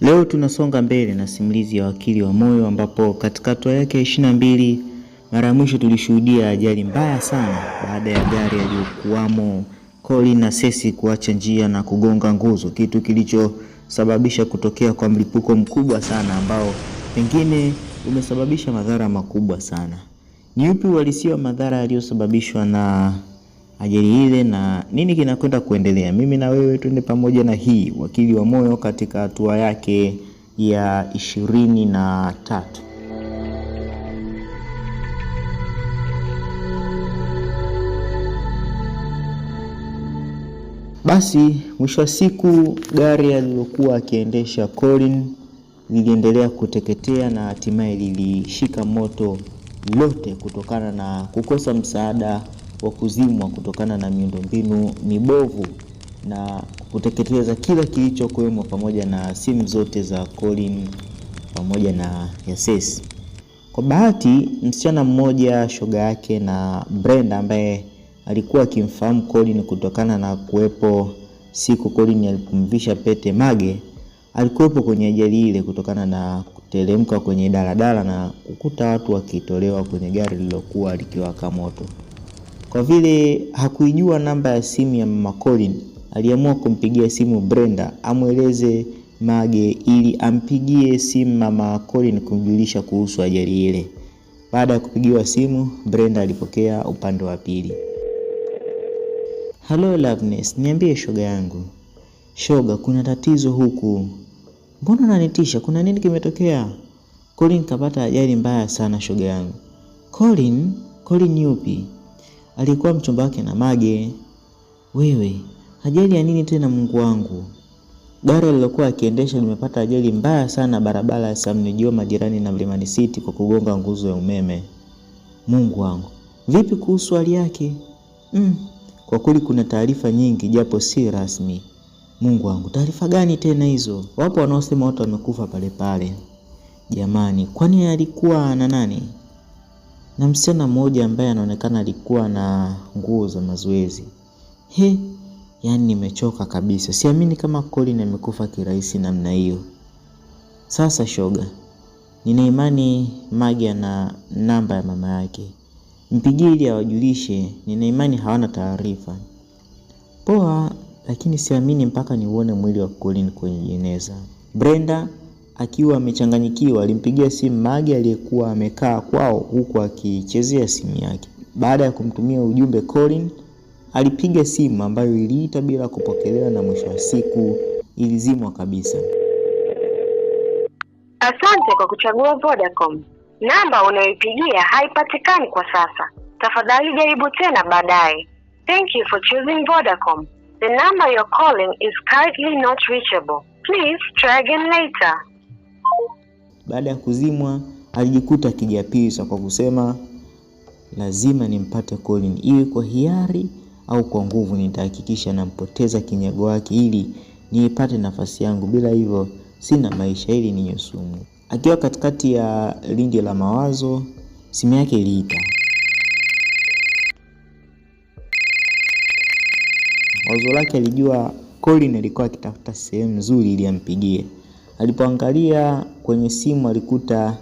Leo tunasonga mbele na simulizi ya wakili wa moyo, ambapo katika hatua yake ishirini na mbili mara ya mwisho tulishuhudia ajali mbaya sana baada ya gari aliyokuwamo Colin na Cecy kuacha njia na kugonga nguzo, kitu kilichosababisha kutokea kwa mlipuko mkubwa sana ambao pengine umesababisha madhara makubwa sana. Ni upi uhalisia wa madhara yaliyosababishwa na ajali ile na nini kinakwenda kuendelea. Mimi na wewe twende pamoja na hii Wakili wa Moyo katika hatua yake ya ishirini na tatu. Basi mwisho wa siku gari alilokuwa akiendesha Colin liliendelea kuteketea na hatimaye lilishika moto lote kutokana na kukosa msaada wa kuzimwa kutokana na miundombinu mibovu na kuteketeza kila kilichokuwemo pamoja na simu zote za Colin pamoja na Yasesi. Kwa bahati, msichana mmoja shoga yake na Brenda ambaye alikuwa akimfahamu Colin kutokana na kuwepo siku Colin alikumvisha pete Mage, alikuwepo kwenye ajali ile kutokana na kuteremka kwenye daladala na kukuta watu wakitolewa kwenye gari lililokuwa likiwaka moto. Kwa vile hakuijua namba ya simu ya mama Colin, aliamua kumpigia simu Brenda amweleze Mage ili ampigie simu mama Colin kumjulisha kuhusu ajali ile. Baada ya kupigiwa simu, Brenda alipokea upande wa pili. Halo Loveness, niambie shoga yangu. Shoga, kuna tatizo huku. Mbona unanitisha? Kuna nini kimetokea? Colin kapata ajali mbaya sana shoga yangu. Colin? Colin yupi? alikuwa mchumba wake na Mage. Wewe, ajali ya nini tena Mungu wangu? Gari alilokuwa akiendesha limepata ajali mbaya sana barabara ya Samnijua majirani na Mlimani City kwa kugonga nguzo ya umeme. Mungu wangu, vipi kuhusu hali yake? Mm, kwa kweli kuna taarifa nyingi japo si rasmi. Mungu wangu, taarifa gani tena hizo? Wapo wanaosema watu wamekufa pale pale. Jamani, kwani alikuwa na nani? na msichana mmoja ambaye anaonekana alikuwa na nguo za mazoezi. He, yani nimechoka kabisa, siamini kama Colin amekufa kirahisi namna hiyo. Sasa shoga, nina imani Magi ana namba ya mama yake, mpigie ili awajulishe. Nina imani hawana taarifa. Poa, lakini siamini mpaka niuone mwili wa Colin kwenye jeneza. Brenda akiwa amechanganyikiwa alimpigia simu Mage aliyekuwa amekaa kwao huku akichezea simu yake. Baada ya kumtumia ujumbe Colin alipiga simu ambayo iliita bila kupokelewa na mwisho wa siku ilizimwa kabisa. Asante kwa kuchagua Vodacom. Namba unayoipigia haipatikani kwa sasa. Tafadhali jaribu tena baadaye. Thank you for choosing Vodacom. The number you're calling is currently not reachable. Please try again later. Baada ya kuzimwa, alijikuta akijapisa kwa kusema lazima nimpate Colin, iwe kwa hiari au kwa nguvu. Nitahakikisha nampoteza kinyago wake ili niipate nafasi yangu, bila hivyo sina maisha, ili ni nyusumu. Akiwa katikati ya lindi la mawazo, simu yake iliita. Wazo lake alijua Colin alikuwa akitafuta sehemu nzuri ili ampigie. Alipoangalia kwenye simu alikuta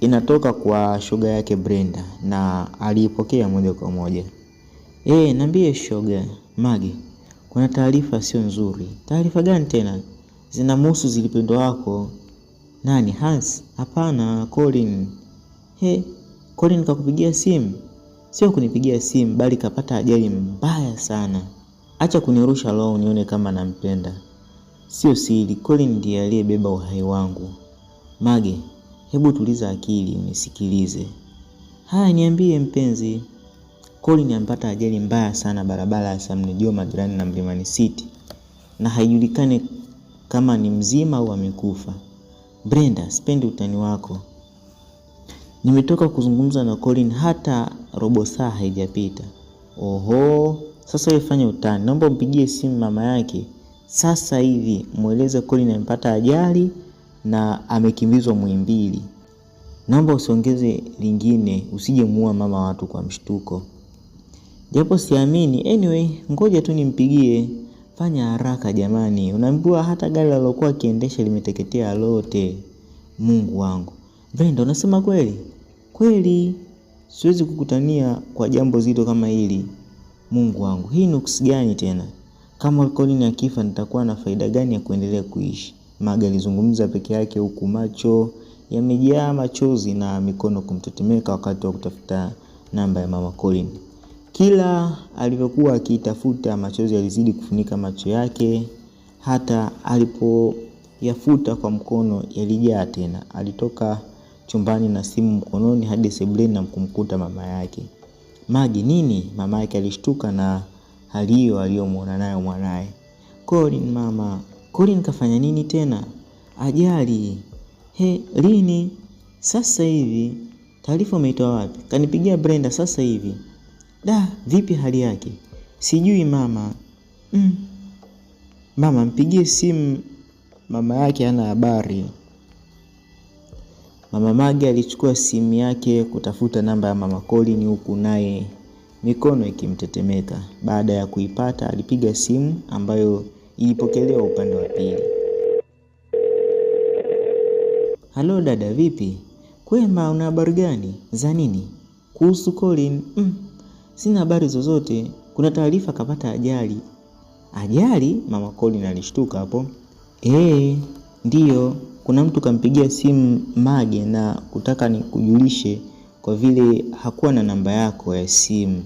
inatoka kwa shoga yake Brenda na aliipokea moja kwa moja. Eh, niambie shoga Mage, kuna taarifa sio nzuri. Taarifa gani tena? Zinamhusu zilipendwa wako. Nani? Hans? Hapana, Colin. He, Colin kakupigia simu? Sio kunipigia simu bali kapata ajali mbaya sana. Acha kunirusha roho nione kama nampenda. Sio siri, Colin ndiye aliyebeba uhai wangu. Mage, hebu tuliza akili unisikilize. Haya, niambie mpenzi. Colin ampata ajali mbaya sana barabara ya Sam Nujoma na Mlimani City, na haijulikani kama ni mzima au amekufa. Brenda, spendi utani wako. Nimetoka kuzungumza na Colin, hata robo saa haijapita. Oho, sasa wewe fanya utani, naomba mpigie simu mama yake sasa hivi mweleze Colin amepata ajali na amekimbizwa Muhimbili. Naomba usiongeze lingine, usije muua mama watu kwa mshtuko. Japo siamini, anyway, ngoja tu nimpigie. Fanya haraka jamani, unaambiwa hata gari alilokuwa akiendesha limeteketea lote. Mungu wangu, Brenda, unasema kweli? Kweli, siwezi kukutania kwa jambo zito kama hili. Mungu wangu, hii nuksi gani tena? Kama Colin akifa nitakuwa na faida gani ya kuendelea kuishi? Maga alizungumza peke yake huku macho yamejaa machozi na mikono kumtetemeka wakati wa kutafuta namba ya mama Colin. Kila alivyokuwa akitafuta machozi yalizidi kufunika macho yake. Hata alipoyafuta kwa mkono, yalijaa tena. Alitoka chumbani na simu mkononi hadi sebuleni na kumkuta mama yake. Magi, nini? Mama yake alishtuka na hiyo aliyomwona nayo mwanaye. Colin mama, Colin kafanya nini tena? Ajali he, lini? Sasa hivi. Taarifa umeitoa wapi? Kanipigia Brenda sasa hivi. Da, vipi hali yake? Sijui mama. Mm. Mama mpigie simu. Mama yake ana habari. Mama Magi alichukua simu yake kutafuta namba ya mama Colin, huku naye mikono ikimtetemeka. Baada ya kuipata, alipiga simu ambayo ilipokelewa upande wa pili. Halo dada, vipi? Kwema, una habari gani? Za nini? Kuhusu Colin? Mm, sina habari zozote. Kuna taarifa kapata ajali. Ajali? Mama Colin alishtuka hapo. Eh, ndiyo, kuna mtu kampigia simu Mage na kutaka nikujulishe kwa vile hakuwa na namba yako ya simu.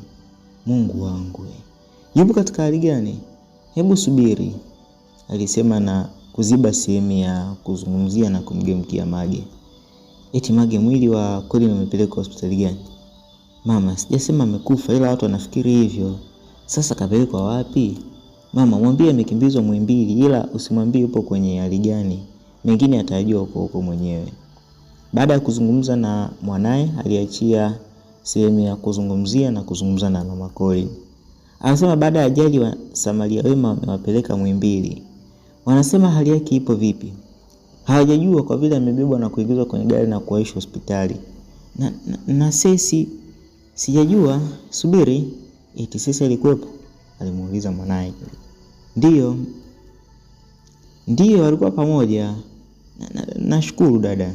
Mungu wangu, yupo katika hali gani? Hebu subiri, alisema na kuziba sehemu ya kuzungumzia na kumgemkia Mage. Eti Mage, mwili wa kweli umepelekwa hospitali gani? Mama, sijasema amekufa, ila watu wanafikiri hivyo. Sasa kapelekwa wapi? Mama, mwambie amekimbizwa Muhimbili, ila usimwambie upo kwenye hali gani, mengine atajua huko huko mwenyewe. Baada ya kuzungumza na mwanaye, aliachia sehemu ya kuzungumzia na kuzungumza na mama Colin. Anasema baada ya ajali wa Samaria wema wamewapeleka Mwimbili. Wanasema hali yake ipo vipi? Hawajajua kwa vile amebebwa na kuingizwa kwenye gari na kuwaishwa hospitali. Na, na, na sesi sijajua, subiri. Eti sesi alikuwepo? alimuuliza mwanaye. Ndiyo, ndiyo walikuwa pamoja. Nashukuru na, na dada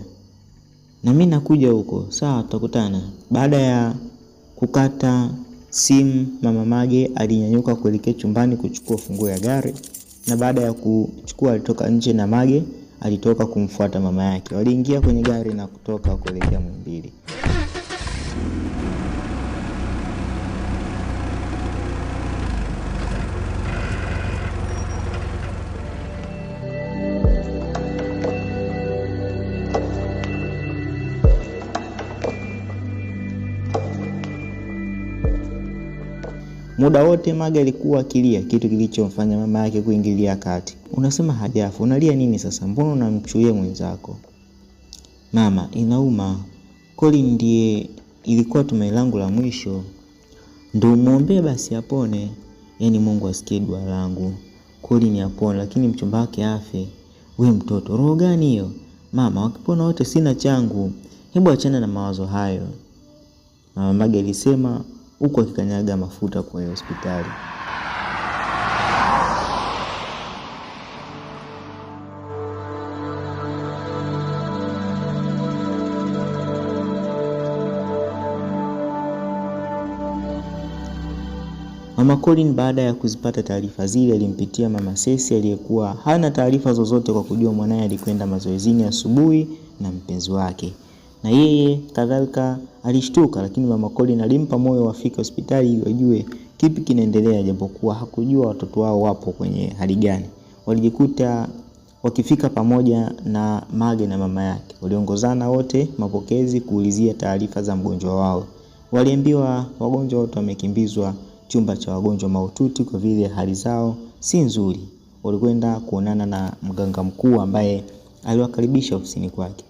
na mimi nakuja huko, sawa, tutakutana. Baada ya kukata simu, mama Mage alinyanyuka kuelekea chumbani kuchukua funguo ya gari, na baada ya kuchukua alitoka nje na Mage alitoka kumfuata mama yake. Waliingia kwenye gari na kutoka kuelekea Mwimbili. Muda wote Maga alikuwa akilia, kitu kilichomfanya mama yake kuingilia kati. Unasema Hajafu, unalia nini sasa? Mbona unamchulia mwenzako? Mama, inauma. Koli ndiye ilikuwa tumaini langu la mwisho, ndio muombe basi apone, yaani Mungu asikie dua langu. Koli ni apone, lakini mchumba wake afe. We mtoto, roho gani hiyo? Mama, wakipona wote sina changu. Hebu achana na mawazo hayo, mama Maga alisema huku akikanyaga mafuta kwenye hospitali. Mama Colin baada ya kuzipata taarifa zile alimpitia Mama Sesi aliyekuwa hana taarifa zozote kwa kujua mwanaye alikwenda mazoezini asubuhi na mpenzi wake na yeye kadhalika alishtuka, lakini mama Colin alimpa moyo wafike hospitali wajue kipi kinaendelea, japokuwa hakujua watoto wao wapo kwenye hali gani. Walijikuta wakifika pamoja na Mage na mama yake, waliongozana wote mapokezi kuulizia taarifa za mgonjwa wao. Waliambiwa wagonjwa wote wamekimbizwa chumba cha wagonjwa mahututi kwa vile hali zao si nzuri. Walikwenda kuonana na mganga mkuu ambaye aliwakaribisha ofisini kwake.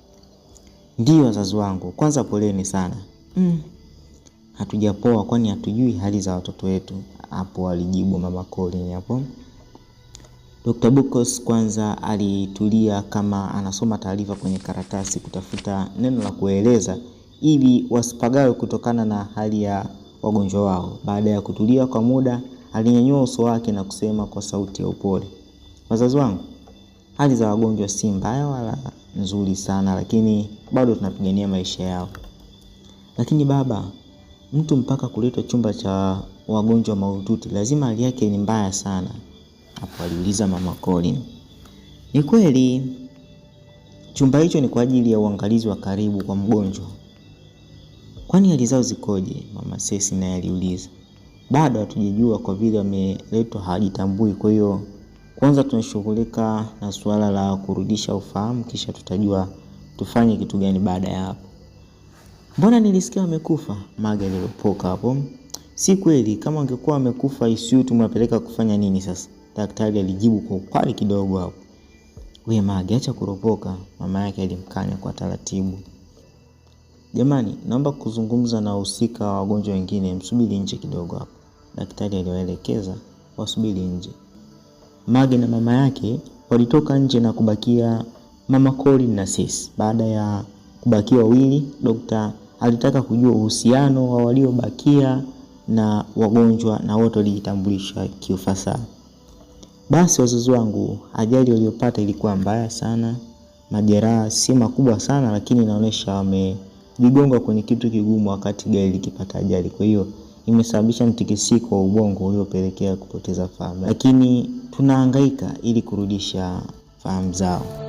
Ndiyo wazazi wangu, kwanza poleni sana. Mm, hatujapoa kwani hatujui hali za watoto wetu, hapo alijibu mama Colin hapo. Dr. Bukos kwanza alitulia kama anasoma taarifa kwenye karatasi kutafuta neno la kueleza ili wasipagawe kutokana na hali ya wagonjwa wao. Baada ya kutulia kwa muda, alinyanyua uso wake na kusema kwa sauti ya upole, wazazi wangu Hali za wagonjwa si mbaya wala nzuri sana, lakini bado tunapigania maisha yao. Lakini baba, mtu mpaka kuletwa chumba cha wagonjwa mahututi lazima hali yake ni mbaya sana, hapo aliuliza mama Colin. Ni kweli chumba hicho ni kwa ajili ya uangalizi wa karibu kwa mgonjwa. Kwani hali zao zikoje? Mama Sesi naye aliuliza. Bado hatujajua kwa vile wameletwa, hajitambui, kwa hiyo kwanza tunashughulika na suala la kurudisha ufahamu, kisha tutajua tufanye kitu gani baada ya hapo. Mbona nilisikia amekufa? Maga aliropoka hapo. Si kweli, kama angekuwa amekufa ICU tumewapeleka kufanya nini sasa? Daktari alijibu kwa ukali kidogo hapo. We Mage, acha kuropoka. Mama yake alimkanya kwa taratibu. Jamani, naomba kuzungumza na wahusika wa wagonjwa wengine, msubiri nje kidogo hapo. Daktari aliwaelekeza wasubiri nje. Mage na mama yake walitoka nje na kubakia mama Colin na Cecy. Baada ya kubakia wawili, Dokta alitaka kujua uhusiano wa waliobakia na wagonjwa na wote walijitambulisha kiufasaha. Basi wazazi wangu, ajali waliopata ilikuwa mbaya sana. Majeraha si makubwa sana, lakini inaonyesha wamejigonga kwenye kitu kigumu wakati gari likipata ajali. Kwa hiyo imesababisha mtikisiko wa ubongo uliopelekea kupoteza fahamu, lakini tunahangaika ili kurudisha fahamu zao.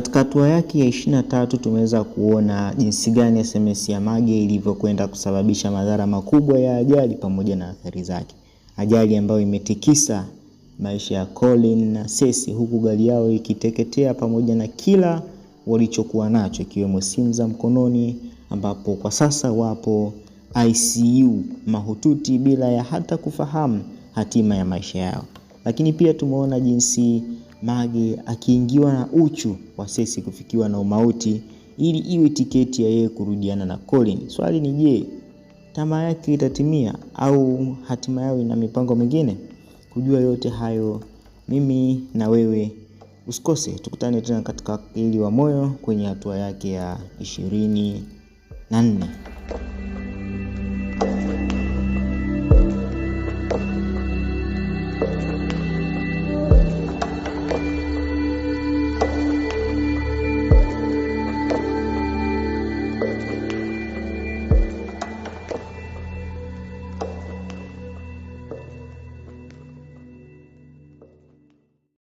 Katika hatua yake ya ishirini na tatu tumeweza kuona jinsi gani SMS ya Mage ilivyokwenda kusababisha madhara makubwa ya ajali pamoja na athari zake, ajali ambayo imetikisa maisha ya Colin na Cecy, huku gari yao ikiteketea pamoja na kila walichokuwa nacho ikiwemo simu za mkononi, ambapo kwa sasa wapo ICU mahututi bila ya hata kufahamu hatima ya maisha yao. Lakini pia tumeona jinsi Mage akiingiwa na uchu wa sesi kufikiwa na umauti ili iwe tiketi ya yeye kurudiana na Colin. Swali ni je, tamaa yake itatimia au hatima yao ina mipango mingine? Kujua yote hayo, mimi na wewe usikose, tukutane tena katika Akili wa Moyo kwenye hatua yake ya ishirini na nne.